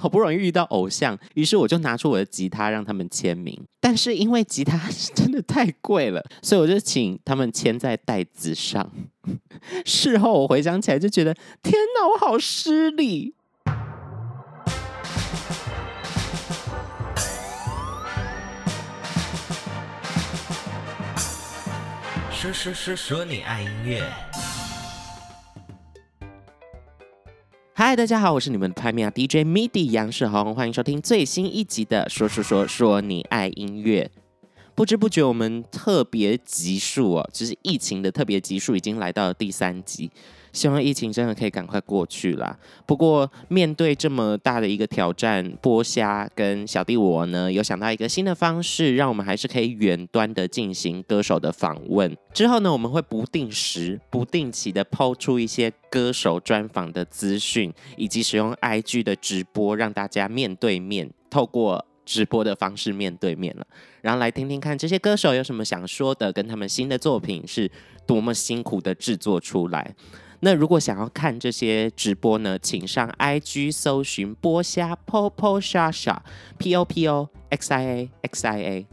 好不容易遇到偶像，於是我就拿出我的吉他讓他們簽名。但是因為吉他真的太貴了，所以我就請他們簽在袋子上。 事後我回想起來就覺得，天哪，我好失禮！是是是，說你愛音樂。嗨，大家好，我是你們的拍咪啊 DJ Midi 楊世宏，歡迎收聽最新一集的《說說說說你愛音樂》。不知不覺，我們特別集數哦，就是疫情的特別集數，已經來到了第三集。希望疫情真的可以趕快過去啦。不過，面對這麼大的一個挑戰，播蝦跟小弟我呢，有想到一個新的方式，讓我們還是可以遠端的進行歌手的訪問。之後呢，我們會不定時、不定期的拋出一些歌手專訪的資訊，以及使用 IG 的直播，讓大家面對面，透過直播的方式面對面了。然後來聽聽看這些歌手有什麼想說的，跟他們新的作品是多麼辛苦的製作出來。那如果想要看這些直播呢，請上 IG 搜尋波蝦 Popo sha sha P O P O X I A X I A。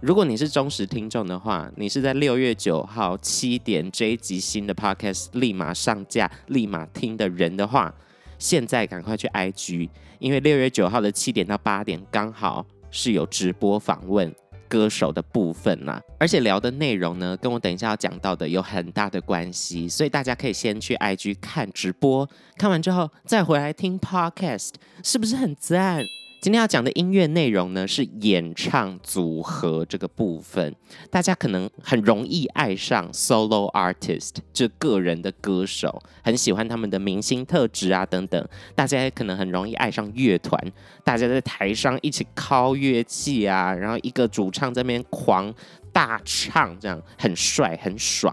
如果你是忠實聽眾的話，你是在六月九號七點這一集新的 Podcast 立馬上架、立馬聽的人的話，現在趕快去 IG，因為六月九號的七點到八點剛好是有直播訪問。歌手的部分吶、啊，而且聊的內容呢，跟我等一下要講到的有很大的關係，所以大家可以先去 IG 看直播，看完之後再回來聽 podcast，是不是很讚？今天要講的音樂內容呢，是演唱組合這個部分。大家可能很容易愛上 solo artist，就是個人的歌手，很喜歡他們的明星特質啊等等。大家也可能很容易愛上樂團，大家在台上一起敲樂器啊，然後一個主唱在那邊狂大唱，這樣很帥很爽。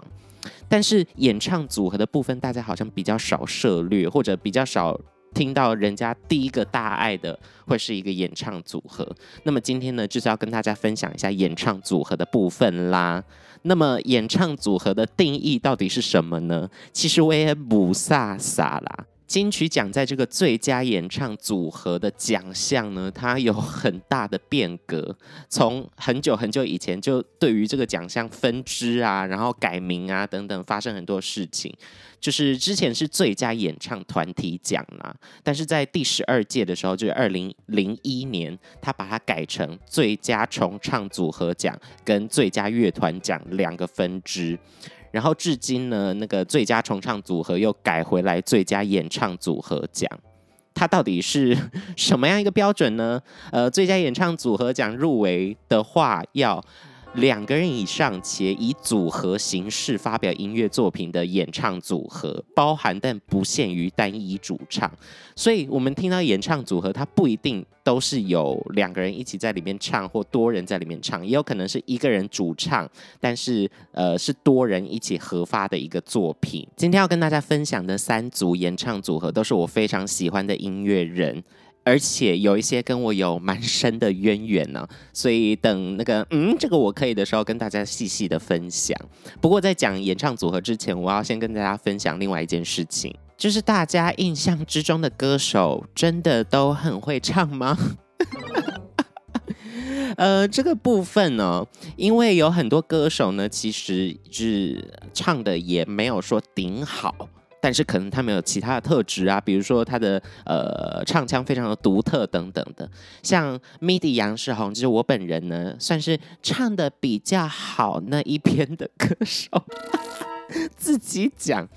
但是演唱組合的部分，大家好像比較少涉獵，或者比較少。聽到人家第一個大愛的會是一個演唱組合，那麼今天呢，就是要跟大家分享一下演唱組合的部分啦。那麼演唱組合的定義到底是什麼呢？其實我也不撒撒啦。金曲獎在這個最佳演唱組合的獎項呢，它有很大的變革。從很久很久以前就對於這個獎項分支啊，然後改名啊等等發生很多事情。就是之前是最佳演唱團體獎啊，但是在第十二屆的時候，就是二零零一年，他把它改成最佳重唱組合獎跟最佳樂團獎兩個分支。然後至今呢，那個最佳重唱組合又改回來最佳演唱組合獎，它到底是什麼樣一個標準呢？呃，最佳演唱組合獎入圍的話要。兩個人以上且以組合形式發表音樂作品的演唱組合，包含但不限於單一主唱，所以我們聽到演唱組合，它不一定都是有兩個人一起在裡面唱或多人在裡面唱，也有可能是一個人主唱，但是呃是多人一起合發的一個作品。今天要跟大家分享的三組演唱組合，都是我非常喜歡的音樂人。而且有一些跟我有蠻深的淵源呢、啊，所以等那個嗯，這個我可以的時候跟大家細細的分享。不過在講演唱組合之前，我要先跟大家分享另外一件事情，就是大家印象之中的歌手真的都很會唱嗎？ 呃，這個部分呢、哦，因為有很多歌手呢，其實是唱的也沒有說頂好。但是可能他沒有其他的特質啊，比如說他的呃唱腔非常的獨特等等的。像 MIDI 楊世紅，其實我本人呢算是唱的比較好那一邊的歌手。 自己講，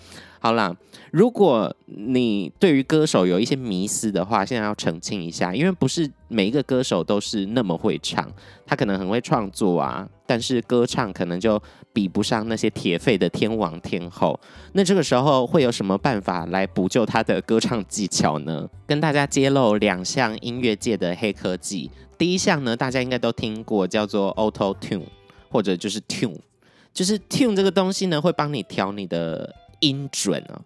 好了，如果你對於歌手有一些迷思的話，現在要澄清一下，因為不是每一個歌手都是那麼會唱，他可能很會創作啊，但是歌唱可能就。比不上那些鐵肺的天王天後。那這個時候會有什麼辦法來補救他的歌唱技巧呢？跟大家揭露兩項音樂界的黑科技。第一項呢，大家應該都聽過，叫做 Auto Tune，或者就是 Tune，就是 Tune 這個東西呢，會幫你調你的音準哦、啊。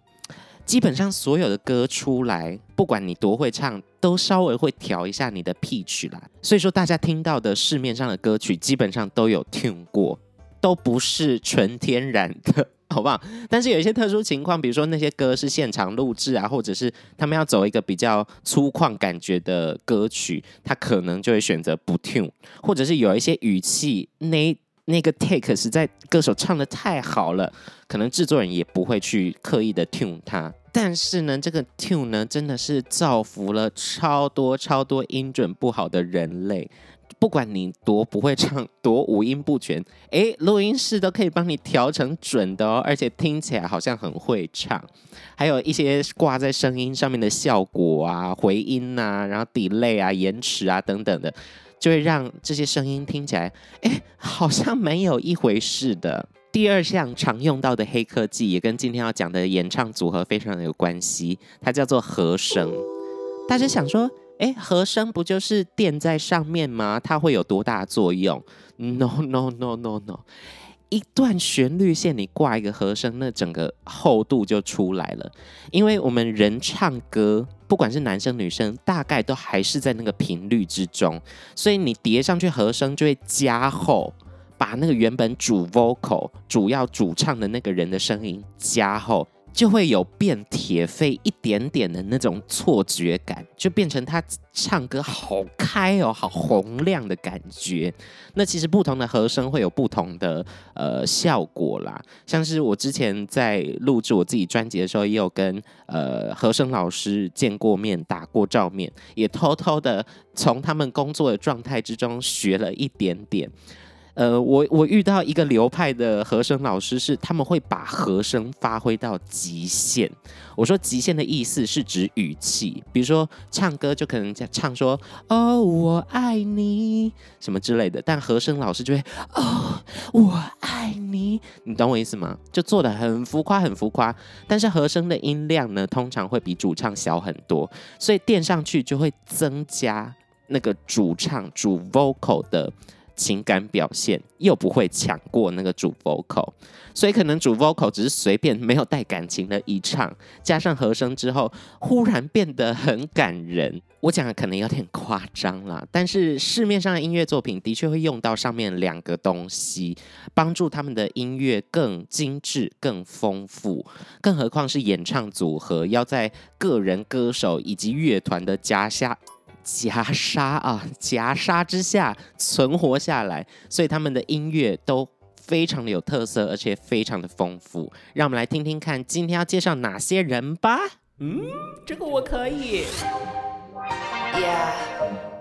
基本上所有的歌出來，不管你多會唱，都稍微會調一下你的 Pitch 啦。所以說，大家聽到的市面上的歌曲，基本上都有 Tune 過。都不是純天然的，好不好？但是有一些特殊情況，比如說那些歌是現場錄製啊，或者是他們要走一個比較粗獷感覺的歌曲，他可能就會選擇不 tune。或者是有一些語氣那那個 take 實在歌手唱得太好了，可能製作人也不會去刻意的 tune 它。但是呢，這個 tune 呢，真的是造福了超多超多音準不好的人類。不管你多不會唱，多五音不全，誒、欸，錄音室都可以幫你調成準的哦，而且聽起來好像很會唱。還有一些掛在聲音上面的效果啊，回音吶、啊，然後 delay 啊，延遲啊等等的，就會讓這些聲音聽起來，誒、欸，好像蠻有一回事的。第二項常用到的黑科技，也跟今天要講的演唱組合非常的有關係，它叫做和聲。大家想說，哎，和聲不就是墊在上面嗎？它會有多大作用？No No No No No，一段旋律線你掛一個和聲，那整個厚度就出來了。因為我們人唱歌，不管是男生女生，大概都還是在那個頻率之中，所以你疊上去和聲就會加厚，把那個原本主 vocal 主要主唱的那個人的聲音加厚。就會有變鐵肺一點點的那種錯覺感，就變成他唱歌好開哦，好洪亮的感覺。那其實不同的和聲會有不同的呃效果啦，像是我之前在錄制我自己專輯的時候，也有跟呃和聲老師見過面、打過照面，也偷偷的從他們工作的狀態之中學了一點點。呃，我我遇到一個流派的和聲老師是，他們會把和聲發揮到極限。我說極限的意思是指語氣，比如說唱歌就可能唱說“哦，我愛你”什麼之類的，但和聲老師就會“哦，我愛你”，你懂我意思嗎？就做的很浮誇，很浮誇。但是和聲的音量呢，通常會比主唱小很多，所以墊上去就會增加那個主唱主 vocal 的。情感表現又不會搶過那個主 vocal，所以可能主 vocal 只是隨便沒有帶感情的一唱，加上和聲之後，忽然變得很感人。我講的可能有點誇張了，但是市面上的音樂作品的確會用到上面兩個東西，幫助他們的音樂更精緻、更豐富。更何況是演唱組合要在個人歌手以及樂團的夾下。夾殺啊！夾殺之下存活下來，所以他們的音樂都非常的有特色，而且非常的豐富。讓我們來聽聽看，今天要介紹哪些人吧。嗯，這個我可以。Yeah!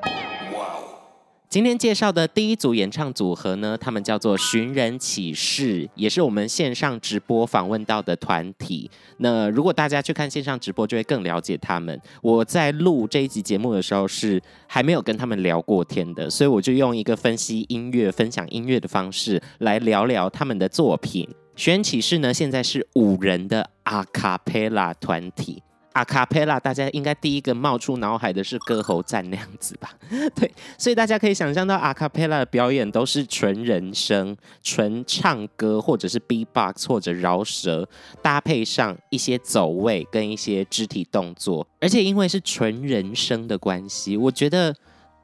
今天介紹的第一組演唱組合呢，他們叫做《尋人啟事》，也是我們線上直播訪問到的團體。那如果大家去看線上直播，就會更了解他們。我在錄這一集節目的時候是還沒有跟他們聊過天的，所以我就用一個分析音樂、分享音樂的方式來聊聊他們的作品。《尋人啟事》呢，現在是五人的 a cappella 團體。阿卡貝拉，大家應該第一個冒出腦海的是歌喉讚那樣子吧？對，所以大家可以想象到阿卡貝拉的表演都是純人聲、純唱歌，或者是 beatbox 或者饒舌，搭配上一些走位跟一些肢體動作，而且因為是純人聲的關係，我覺得。.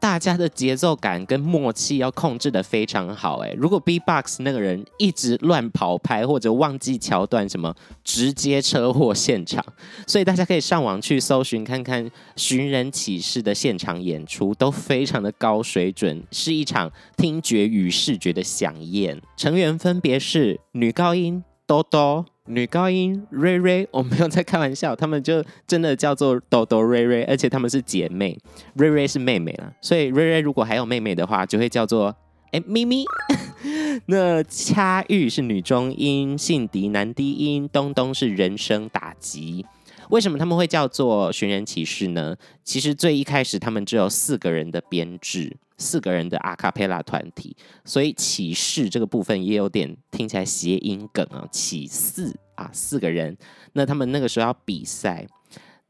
大家的節奏感跟默契要控制的非常好，欸，如果 B box 那個人一直亂跑拍或者忘記橋段，什麼，直接車禍現場。所以大家可以上網去搜尋看看，尋人啟事的現場演出都非常的高水準，是一場聽覺與視覺的饗宴。成員分別是女高音多多，女高音瑞瑞，我沒有在開玩笑，他們就真的叫做豆豆瑞瑞，而且他們是姐妹，瑞瑞是妹妹啦，所以瑞瑞如果還有妹妹的話，就會叫做哎、欸、咪咪。 那恰玉是女中音，信迪男低音，東東是人聲打擊。為什麼他們會叫做尋人啟事呢？其實最一開始他們只有四個人的編制。四個人的阿卡貝拉團體，所以“啟事”這個部分也有點聽起來諧音梗啊、喔，“啟四”啊，四個人。那他們那個時候要比賽，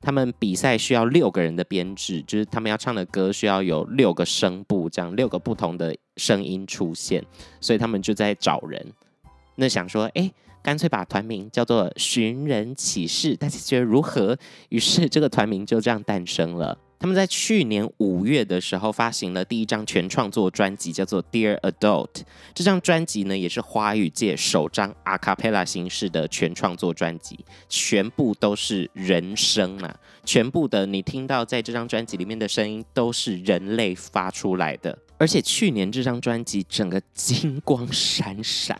他們比賽需要六個人的編制，就是他們要唱的歌需要有六個聲部，這樣六個不同的聲音出現，所以他們就在找人。那想說，哎、欸，乾脆把團名叫做“尋人啟事”，大家覺得如何？於是這個團名就這樣誕生了。他們在去年五月的時候發行了第一張全創作專輯，叫做《Dear Adult》。這張專輯呢，也是華語界首張阿卡貝拉形式的全創作專輯，全部都是人聲了、啊。全部的你聽到在這張專輯裡面的聲音，都是人類發出來的。而且去年這張專輯整個金光閃閃，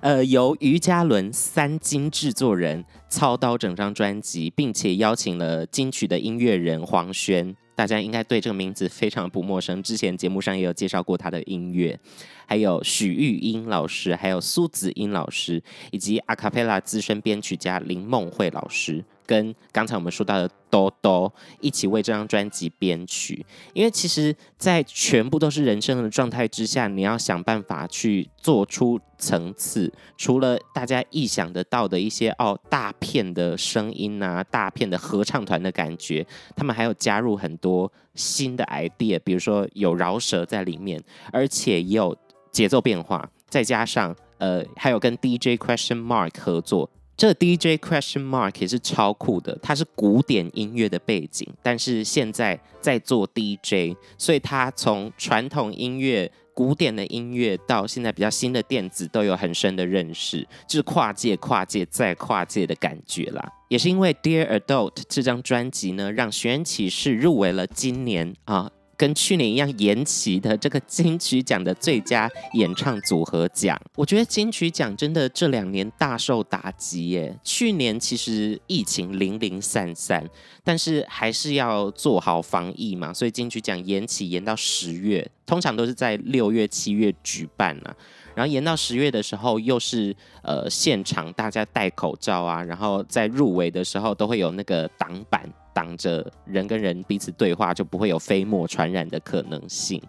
呃，由於嘉倫三金製作人操刀整張專輯，並且邀請了金曲的音樂人黃軒，大家應該對這個名字非常不陌生，之前節目上也有介紹過他的音樂，還有許玉英老師，還有蘇子英老師，以及阿卡貝拉資深編曲家林夢慧老師。跟剛才我們說到的多多一起為這張專輯編曲，因為其實，在全部都是人聲的狀態之下，你要想辦法去做出層次。除了大家意想得到的一些哦大片的聲音啊、大片的合唱團的感覺，他們還有加入很多新的 idea，比如說有饒舌在裡面，而且也有節奏變化，再加上呃，還有跟 DJ Question Mark 合作。這個、DJ Question Mark 也是超酷的，它是古典音樂的背景，但是現在在做 DJ，所以它從傳統音樂、古典的音樂到現在比較新的電子都有很深的認識，就是跨界、跨界再跨界的感覺啦。也是因為 Dear Adult 這張專輯呢，讓尋人啟事入圍了今年啊。跟去年一樣延期的這個金曲獎的最佳演唱組合獎，我覺得金曲獎真的這兩年大受打擊耶。去年其實疫情零零散散，但是還是要做好防疫嘛，所以金曲獎延期延到十月，通常都是在六月七月舉辦呢、啊。然後延到十月的時候，又是呃現場大家戴口罩啊，然後在入圍的時候都會有那個擋板。擋着人跟人彼此對話，就不會有飛沫傳染的可能性。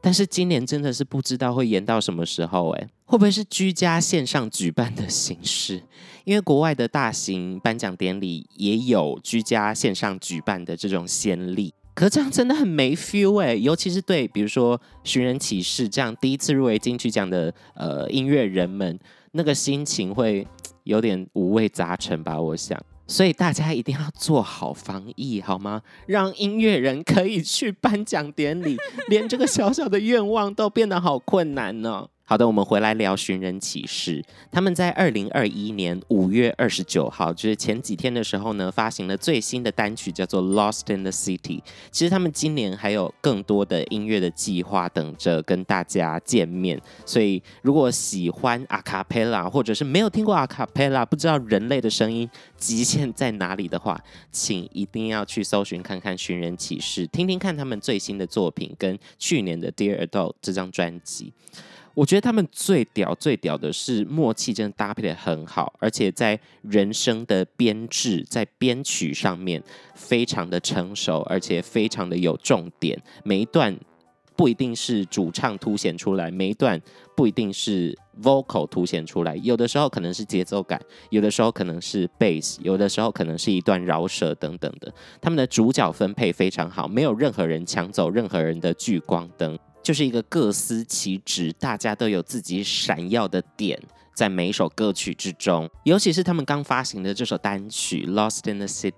但是今年真的是不知道會延到什麼時候，哎，會不會是居家線上舉辦的形式？因為國外的大型頒獎典禮也有居家線上舉辦的這種先例。可這樣真的很沒 feel 哎，尤其是對比如說《尋人啟事》這樣第一次入圍金曲獎的呃音樂人們，那個心情會有點五味雜陳吧，我想。所以大家一定要做好防疫，好嗎？讓音樂人可以去頒獎典禮，連這個小小的願望都變得好困難呢、哦。好的，我們回來聊《尋人啟事》。他們在二零二一年五月二十九號，就是前幾天的時候呢，發行了最新的單曲叫做《Lost in the City》。其實他們今年還有更多的音樂的計劃等着跟大家見面。所以，如果喜歡阿卡貝拉，或者是沒有聽過阿卡貝拉，不知道人類的聲音極限在哪裡的話，請一定要去搜尋看看《尋人啟事》，聽聽看他們最新的作品跟去年的《Dear Adult》這張專輯。我覺得他們最屌、最屌的是默契，真的搭配得很好，而且在人聲的編制、在編曲上面非常的成熟，而且非常的有重點。每一段不一定是主唱凸顯出來，每一段不一定是 vocal 凸顯出來，有的時候可能是節奏感，有的時候可能是 bass，有的時候可能是一段饒舌等等的。他們的主角分配非常好，沒有任何人搶走任何人的聚光燈。就是一個各司其職，大家都有自己閃耀的點，在每一首歌曲之中，尤其是他們剛發行的這首單曲《Lost in the City》，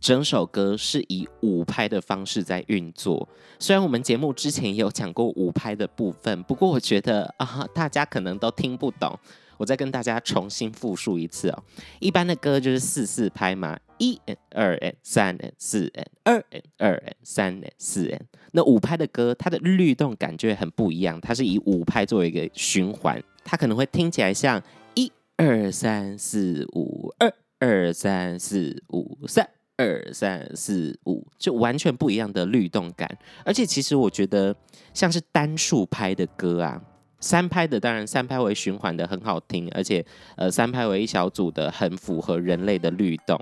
整首歌是以五拍的方式在運作。雖然我們節目之前也有講過五拍的部分，不過我覺得啊，大家可能都聽不懂。我再跟大家重新複述一次哦，一般的歌就是四四拍嘛，一二三四，二二三四。那五拍的歌，它的律動感就很不一樣，它是以五拍作為一個循環，它可能會聽起來像一二三四五，二二三四五，三二三四五，就完全不一樣的律動感。而且其實我覺得，像是單數拍的歌啊。三拍的當然三拍為循環的很好聽，而且呃三拍為一小組的很符合人類的律動，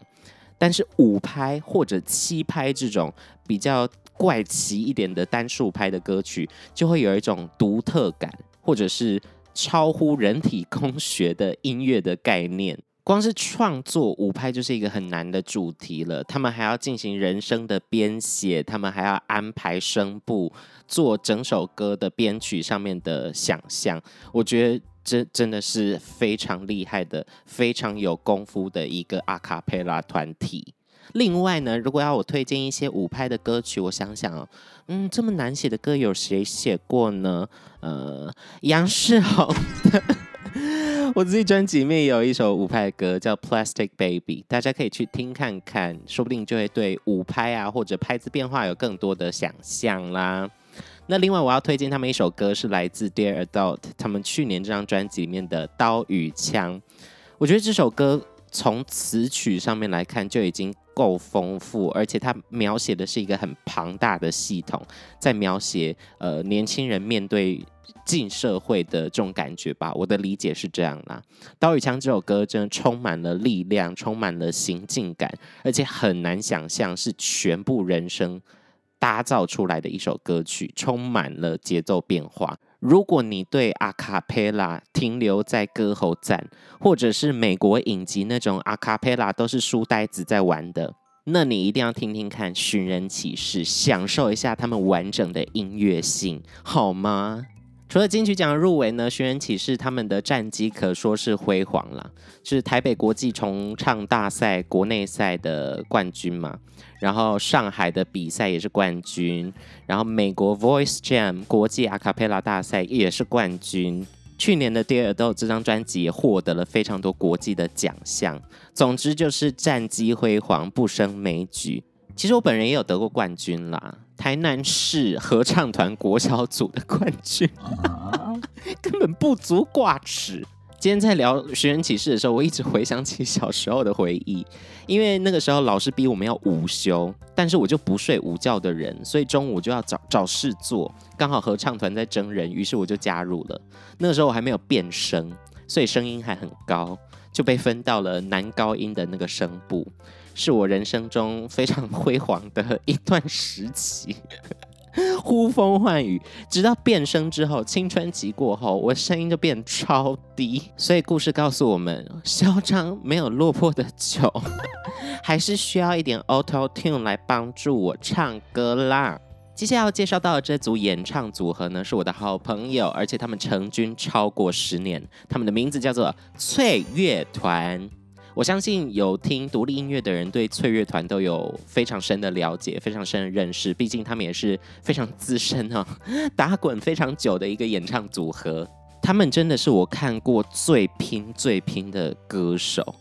但是五拍或者七拍這種比較怪奇一點的單數拍的歌曲，就會有一種獨特感，或者是超乎人體工學的音樂的概念。光是創作，五拍就是一個很難的主題了，他們還要進行人聲的編寫，他們還要安排聲部，做整首歌的編曲上面的想象，我覺得真真的是非常厲害的，非常有功夫的一個阿卡貝拉團體。另外呢，如果要我推薦一些五拍的歌曲，我想想、哦、嗯，這麼難寫的歌有誰寫過呢？呃，楊世豪的。 我自己專輯裡面有一首五拍歌叫 Plastic Baby，大家可以去聽看看，說不定就會對五拍啊或者拍子變化有更多的想象啦。那另外我要推薦他們一首歌是來自 Dear Adult，他們去年這張專輯裡面的《刀與槍》，我覺得這首歌從詞曲上面來看就已經夠豐富，而且它描寫的是一個很龐大的系統，在描寫呃年輕人面對。進社會的這種感覺吧，我的理解是這樣啦。刀與槍這首歌真的充滿了力量，充滿了行進感，而且很難想象是全部人聲打造出來的一首歌曲，充滿了節奏變化。如果你對阿卡貝拉停留在歌喉讚，或者是美國影集那種阿卡貝拉都是書呆子在玩的，那你一定要聽聽看《尋人啟事》，享受一下他們完整的音樂性，好嗎？除了金曲獎入圍呢，《尋人啟事》他們的戰績可說是輝煌了，是台北國際重唱大賽國內賽的冠軍嘛，然後上海的比賽也是冠軍，然後美國 Voice Jam 國際阿卡貝拉大賽也是冠軍。去年的《Dear Do》這張專輯也獲得了非常多國際的獎項。總之就是戰績輝煌，不勝枚舉。其實我本人也有得過冠軍啦。台南市合唱團國小組的冠軍， 根本不足掛齒。今天在聊《尋人啟事》的時候，我一直回想起小時候的回憶，因為那個時候老師逼我們要午休，但是我就不睡午覺的人，所以中午就要找找事做。剛好合唱團在徵人，於是我就加入了。那時候我還沒有變聲，所以聲音還很高，就被分到了男高音的那個聲部。是我人生中非常輝煌的一段時期，呼風喚雨，直到變聲之後，青春期過後，我聲音就變超低，所以故事告訴我們，囂張沒有落魄的久，還是需要一點 Auto Tune 來幫助我唱歌啦。接下來要介紹到的這組演唱組合呢，是我的好朋友，而且他們成軍超過十年，他們的名字叫做脆樂團。我相信有聽獨立音樂的人對脆樂團都有非常深的了解，非常深的認識。畢竟他們也是非常資深哈、哦，打滾非常久的一個演唱組合。他們真的是我看過最拼、最拼的歌手。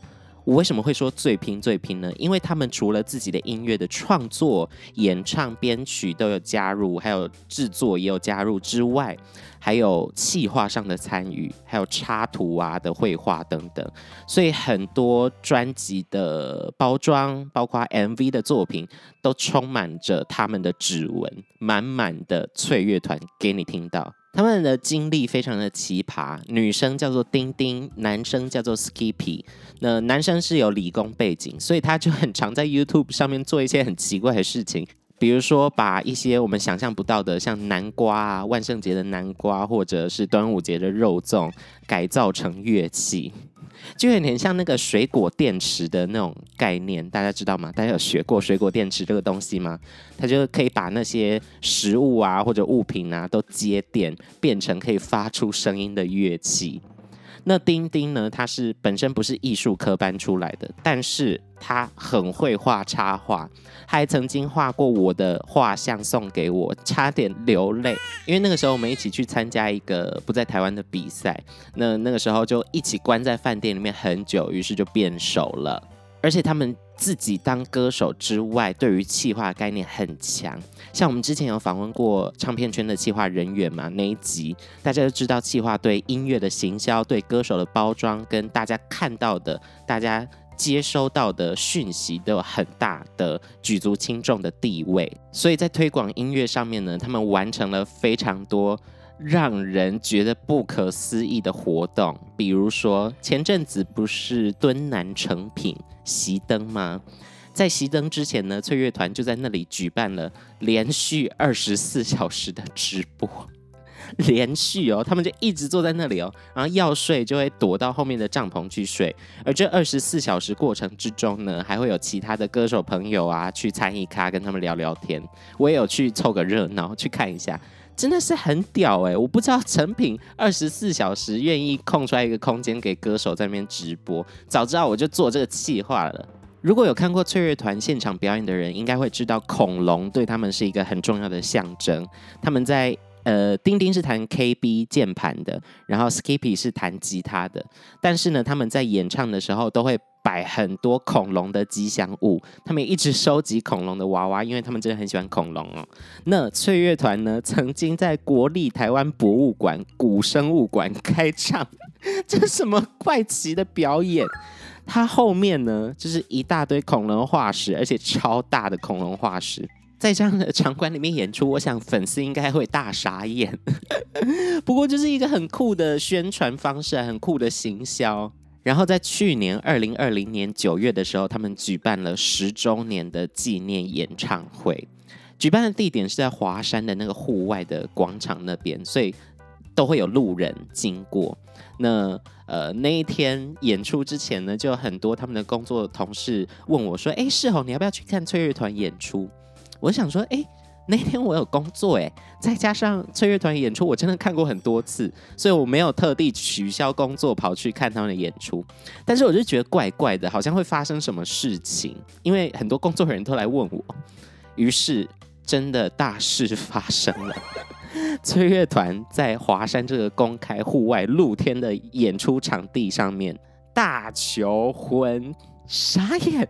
我為什麼會說最拼最拼呢？因為他們除了自己的音樂的創作、演唱、編曲都有加入，還有制作也有加入之外，還有企劃上的參與，還有插圖啊的繪畫等等，所以很多專輯的包裝，包括 MV 的作品，都充滿着他們的指紋，滿滿的脆樂團給你聽到。他們的經歷非常的奇葩，女生叫做丁丁，男生叫做 Skippy，那男生是有理工背景，所以他就很常在 YouTube 上面做一些很奇怪的事情，比如說把一些我們想象不到的，像南瓜啊、萬聖節的南瓜，或者是端午節的肉粽，改造成樂器。就有點像那個水果電池的那種概念，大家知道嗎？大家有學過水果電池這個東西嗎？它就可以把那些食物啊或者物品啊都接電，變成可以發出聲音的樂器。那丁丁呢？他是本身不是藝術科班出來的，但是他很會畫插畫，他還曾經畫過我的畫像送給我，差點流淚，因為那個時候我們一起去參加一個不在台灣的比賽，那那個時候就一起關在飯店裡面很久，於是就變熟了。而且他們自己當歌手之外，對於企劃概念很強。像我們之前有訪問過唱片圈的企劃人員嘛？那一集大家都知道，企劃對音樂的行銷、對歌手的包裝，跟大家看到的、大家接收到的訊息都有很大的舉足輕重的地位。所以在推廣音樂上面呢，他們完成了非常多讓人覺得不可思議的活動。比如說前陣子不是敦南誠品熄燈嗎？在熄燈之前呢，脆樂團就在那裡舉辦了連續二十四小時的直播。 連續哦，他們就一直坐在那裡哦，然後要睡就會躲到後面的帳篷去睡。而這二十四小時過程之中呢，還會有其他的歌手朋友啊去參與咖，跟他們聊聊天。我也有去湊個熱鬧，去看一下。.真的是很屌哎、欸！我不知道誠品二十四小時願意空出來一個空間給歌手在那邊直播，早知道我就做這個企劃了。如果有看過脆樂團現場表演的人，應該會知道恐龍對他們是一個很重要的象徵。他們在。呃，丁丁是彈 KB 鍵盤的，然後 Skippy 是彈吉他的。但是呢，他們在演唱的時候都會擺很多恐龍的吉祥物，他們也一直收集恐龍的娃娃，因為他們真的很喜歡恐龍哦。那脆樂團呢，曾經在國立台灣博物館古生物館開唱，這是什麼怪奇的表演？他後面呢，就是一大堆恐龍化石，而且超大的恐龍化石。在這樣的場館裡面演出，我想粉絲應該會大傻眼。 不過，這是一個很酷的宣傳方式，很酷的行銷。然後，在去年二零二零年九月的時候，他們舉辦了十週年的紀念演唱會。舉辦的地點是在華山的那個戶外的廣場那邊，所以都會有路人經過。那呃，那一天演出之前呢，就有很多他們的工作的同事問我說：“哎、欸，世豪，你要不要去看脆樂團演出？”我想說，哎、欸，那天我有工作、欸，哎，再加上脆樂團演出，我真的看過很多次，所以我沒有特地取消工作跑去看他們的演出。但是我就覺得怪怪的，好像會發生什麼事情，因為很多工作人員都來問我。於是，真的大事發生了，脆樂團在華山這個公開戶外露天的演出場地上面大求婚，傻眼！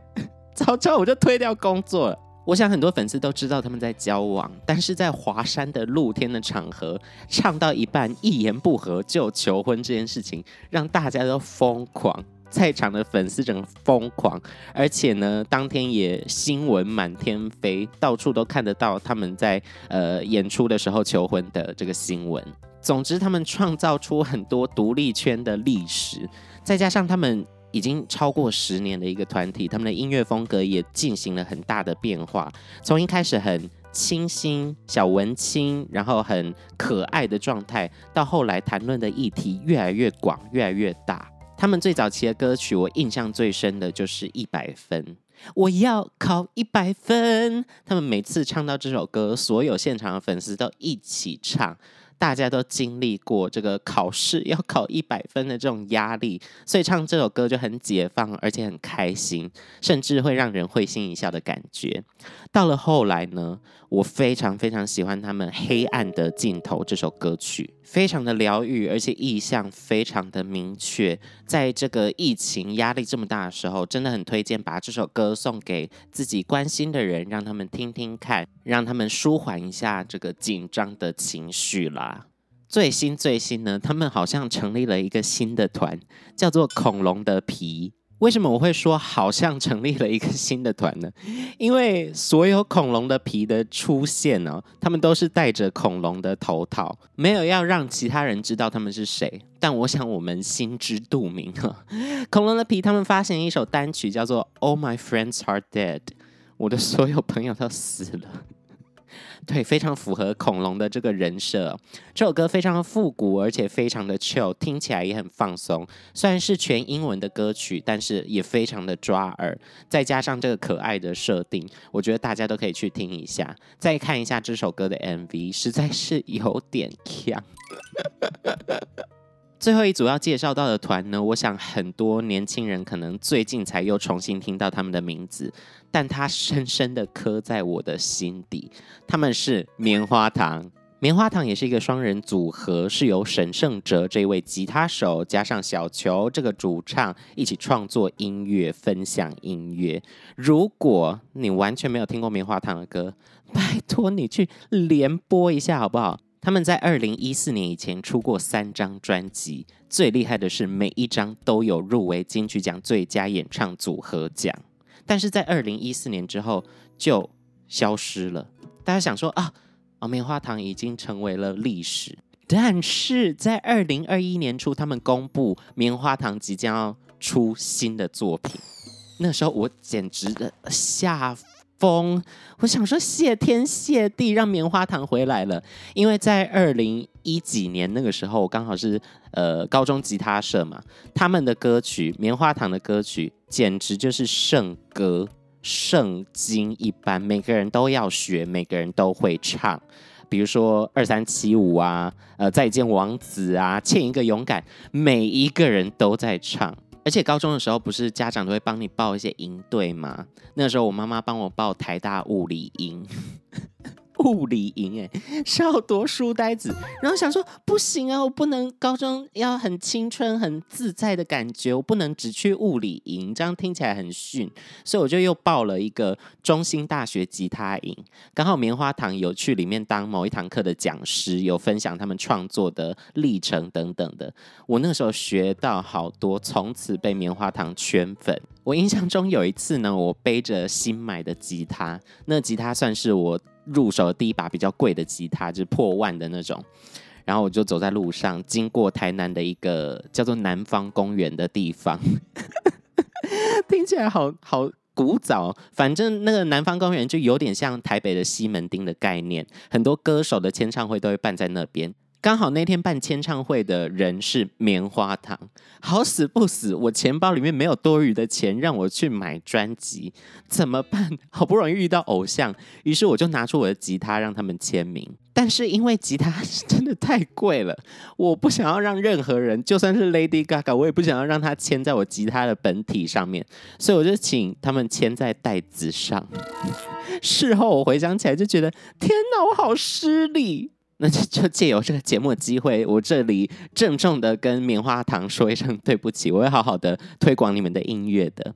早知道我就推掉工作了。我想很多粉絲都知道他們在交往，但是在華山的露天的場合唱到一半一言不合就求婚這件事情，讓大家都瘋狂，在場的粉絲整個瘋狂，而且呢，當天也新聞滿天飛，到處都看得到他們在呃演出的時候求婚的這個新聞。總之，他們創造出很多獨立圈的歷史，再加上他們。已經超過十年的一個團體，他們的音樂風格也進行了很大的變化。從一開始很清新、小文青，然後很可愛的狀態，到後來談論的議題越來越廣、越來越大。他們最早期的歌曲，我印象最深的就是《一百分》，我要考一百分。他們每次唱到這首歌，所有現場的粉絲都一起唱。大家都經歷過這個考試要考一百分的這種壓力，所以唱這首歌就很解放，而且很開心，甚至會讓人會心一笑的感覺。到了後來呢，我非常非常喜歡他們《黑暗的盡頭》這首歌曲。非常的療癒，而且意象非常的明確。在這個疫情壓力這麼大的時候，真的很推薦把這首歌送給自己關心的人，讓他們聽聽看，讓他們舒緩一下這個緊張的情緒啦。最新最新呢，他們好像成立了一個新的團，叫做“恐龍的皮”。為什麼我會說好像成立了一個新的團呢？因為所有恐龍的皮的出現哦，他們都是戴着恐龍的頭套，沒有要讓其他人知道他們是誰。但我想我們心知肚明了。恐龍的皮，他們發行一首單曲，叫做《All My Friends Are Dead》，我的所有朋友都死了。對，非常符合恐龍的這個人設。這首歌非常的復古，而且非常的 chill，聽起來也很放鬆。雖然是全英文的歌曲，但是也非常的抓耳。再加上這個可愛的設定，我覺得大家都可以去聽一下，再看一下這首歌的 MV，實在是有點強。 最後一組要介紹到的團呢，我想很多年輕人可能最近才又重新聽到他們的名字，但他深深的刻在我的心底。他們是棉花糖，棉花糖也是一個雙人組合，是由沈聖哲這位吉他手加上小球這個主唱一起創作音樂、分享音樂。如果你完全沒有聽過棉花糖的歌，拜托你去連播一下好不好？他們在二零一四年以前出過三張專輯，最厲害的是每一張都有入圍金曲獎最佳演唱組合獎。但是在二零一四年之後就消失了。大家想說啊，啊棉花糖已經成為了歷史。但是在二零二一年初，他們公布棉花糖即將要出新的作品，那時候我簡直的嚇風，我想說，謝天謝地，讓棉花糖回來了。因為在二零一幾年那個時候，我剛好是呃高中吉他社嘛，他們的歌曲，棉花糖的歌曲，簡直就是聖歌、聖經一般，每個人都要學，每個人都會唱。比如說二三七五啊，呃，再見王子啊，欠一個勇敢，每一個人都在唱。而且高中的時候不是家長都會幫你報一些營隊嗎？那個時候我媽媽幫我報台大物理營。 物理營哎、欸，是好多書呆子，然後想說不行啊，我不能高中要很青春、很自在的感覺，我不能只去物理營，這樣聽起來很遜，所以我就又報了一個中興大學吉他營。剛好棉花糖有去裡面當某一堂課的講師，有分享他們創作的歷程等等的。我那時候學到好多，從此被棉花糖圈粉。我印象中有一次呢，我背着新買的吉他，那吉他算是我。入手的第一把比較貴的吉他，就是破萬的那種。然後我就走在路上，經過台南的一個叫做南方公園的地方， 聽起來好好古早哦。反正那個南方公園就有點像台北的西門町的概念，很多歌手的簽唱會都會辦在那邊。剛好那天辦簽唱會的人是棉花糖，好死不死，我錢包裡面沒有多餘的錢讓我去買專輯，怎麼辦？好不容易遇到偶像，於是我就拿出我的吉他讓他們簽名。但是因為吉他是真的太貴了，我不想要讓任何人，就算是 Lady Gaga，我也不想要讓他簽在我吉他的本體上面，所以我就請他們簽在袋子上。事後我回想起來就覺得，天哪，我好失禮。那就借由這個節目的機會，我這裡鄭重的跟棉花糖說一聲對不起，我會好好的推廣你們的音樂的。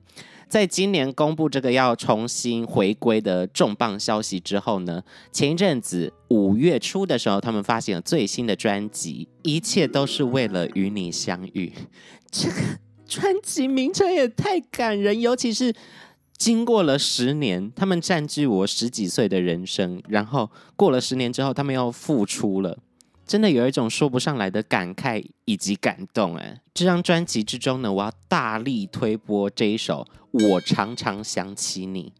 在今年公布這個要重新回歸的重磅消息之後呢，前一陣子五月初的時候，他們發行了最新的專輯《一切都是為了與你相遇》，這個專輯名稱也太感人，尤其是。經過了十年，他們佔據我十幾歲的人生，然後過了十年之後，他們又復出了，真的有一種說不上來的感慨以及感動。哎，這張專輯之中呢，我要大力推播這一首《我常常想起你》。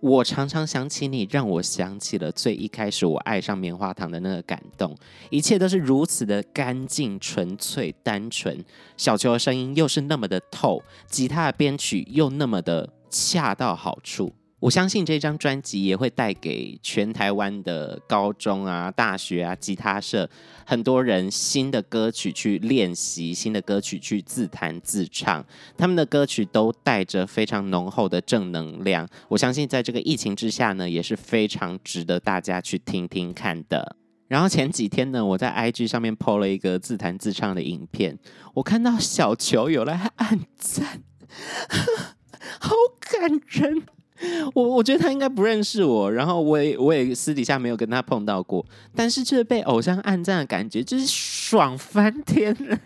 我常常想起你，讓我想起了最一開始我愛上棉花糖的那個感動。一切都是如此的乾淨、純粹、單純，小球的聲音又是那麼的透，吉他的編曲又那麼的。恰到好處，我相信這張專輯也會帶給全台灣的高中啊、大學啊、吉他社很多人新的歌曲去練習，新的歌曲去自彈自唱。他們的歌曲都帶着非常濃厚的正能量，我相信在這個疫情之下呢，也是非常值得大家去聽聽看的。然後前幾天呢，我在 IG 上面 PO 了一個自彈自唱的影片，我看到小球有來按讚。 好感人，我我覺得他應該不認識我，然後我也我也私底下沒有跟他碰到過，但是卻被偶像暗讚的感覺就是爽翻天了。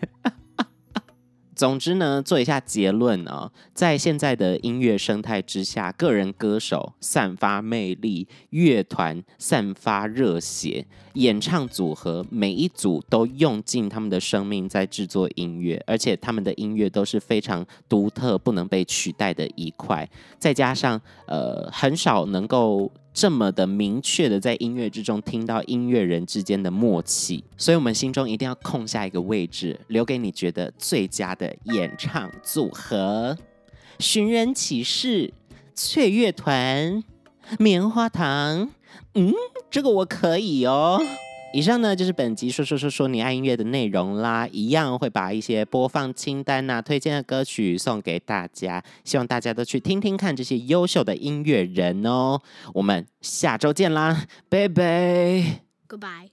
總之呢，做一下結論啊、哦，在現在的音樂生態之下，個人歌手散發魅力，樂團散發熱血，演唱組合每一組都用盡他們的生命在制作音樂，而且他們的音樂都是非常獨特、不能被取代的一塊，再加上呃，很少能夠。這麼的明確的在音樂之中聽到音樂人之間的默契，所以我們心中一定要空下一個位置，留給你覺得最佳的演唱組合。尋人啟事、脆樂團、棉花糖，嗯，這個我可以哦。以上呢，就是本集說說說說你愛音樂的內容啦，一樣會把一些播放清單啊、推薦的歌曲送給大家，希望大家都去聽聽看這些優秀的音樂人哦。我們下周見啦，拜拜，Goodbye。